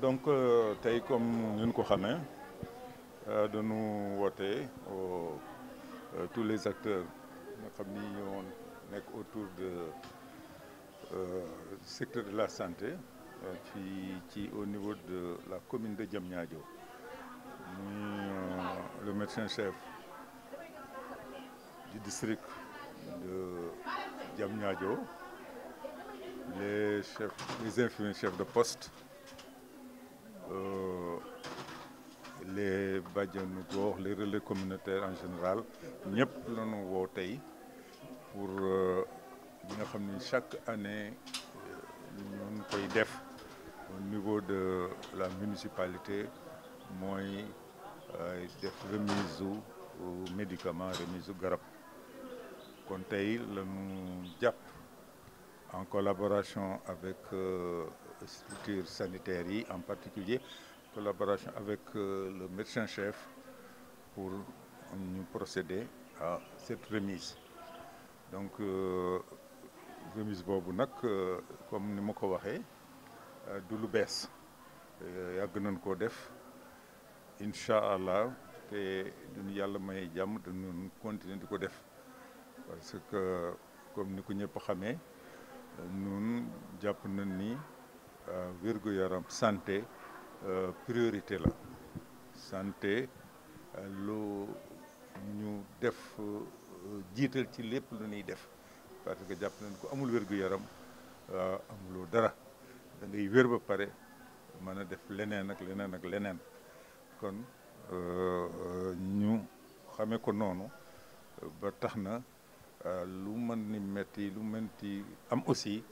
donc euh, tey comme ñun nous nous voter aux tous les acteurs de famille autour du secteur de la santé qui euh, au niveau de la commune de Diamniadio euh, le médecin chef du district de Diamniadio les les infirmiers chefs de poste euh, les de les relais communautaires en général nous avons pour euh, chaque année euh, nous koy def au niveau de la municipalité des remises remise u médicaments, remise remises garab kon tey en collaboration avec structures sanitaires en particulier collaboration avec euh, le médecin-chef pour procéder à cette remise donc euh, remise pour euh, comme nous avons dit, de du lu Il y a un def incha allah te allons continuer à faire. parce que comme nous ko savons pas, nous avons nañ ni Euh, wérgu yaram santé euh, priorité la santé euh, lu ñu def jiital ci lépp lu ñuy def parce que jàpp nañ ko amul wérgu yaram amuloo dara da ngay wér ba pare mën a def leneen ak leneen ak leneen kon ñu xamee ko noonu ba tax na lu mën ni metti lu mën am aussi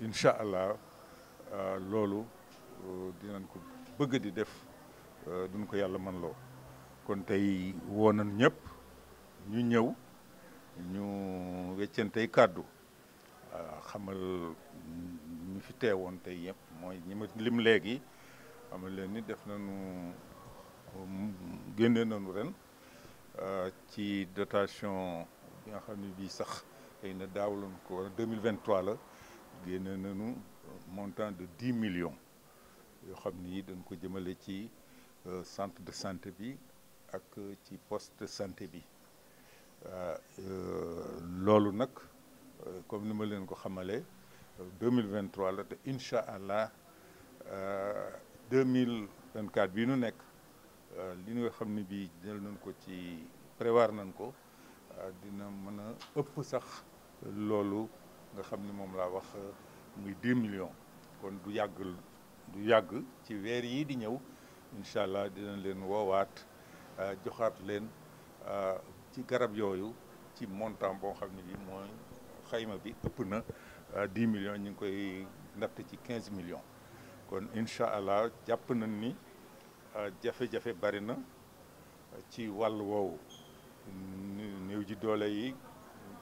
incha allah Euh, loolu euh, dinañ ko bëgg di def euh, duñ ko yàlla man loo kon tey woo nañ ñëpp ñu ñëw ñu tey kàddu xamal ñu fi teewoon tey yëpp mooy ñi lim léegi xamal leen ni def nañu génne nañu ren ci dotation bi nga xam ne bii sax xëy na daaw lañ ko war a 2023 la génne nañu montant de 10 millions. Nous avons vu que le centre de santé et euh, le poste de santé. Euh, euh, Lolo comme nous l'avons dit, 2023, Inch'Allah, 2024, nous sommes là. Ce que nous savons, c'est que nous avons prévoir ce que nous avons fait. Nous avons fait ce que nous avons fait muy 2 millions kon du yag du yag ci weer yi di ñew inshallah allah dina leen woowaat euh, joxaat leen euh, ci garab yooyu ci montant boo xam ne bi mooy xayma bi ëpp na 10 euh, millions ñu ngi koy natt ci 15 millions kon incha allah jàpp nañ ni jafe-jafe bari na ci wàll woowu néew ji doole yi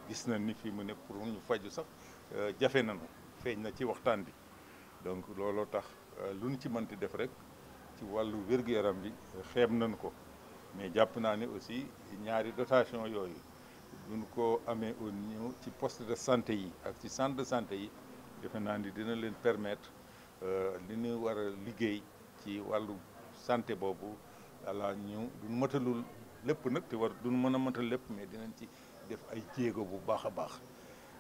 gis nañ ni fi mu ne pour ñu faju sax jafe nañu feeñ na ci waxtaan bi donc looloo tax euh, lu ñu ci mënti def rek ci wàllu wér yaram bi euh, xeeb nañ ko mais jàpp naa ne aussi ñaari dotation yooyu duñ ko amee au niveau ci poste de santé yi ak ci centre de santé yi defe naa ni dina leen permettre euh, li nu war a liggéey ci wàllu santé boobu ala ñu duñ matalul lépp nag te war duñ mën a matal lépp mais dinañ ci def ay jéego bu baax a baax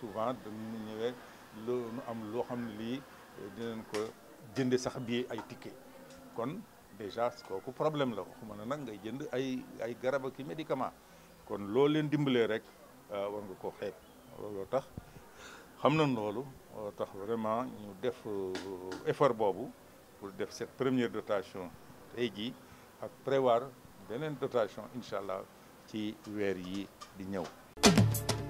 souvent dañu ñëwee loo nu am loo xam ne lii eh, dinañ ko jënd sax bi ay ticket kon déjà kooku problème la xuma na nak ngay jënd ay ay garab ak i médicament kon lo leen dimbalee rek eh, war nga ko xeeb looloo tax xam nañ loolu tax vraiment ñu def eh, effort bobu pour def cette première dotation tay ji ak prévoir benen dotation inshallah ci wèr yi di ñëw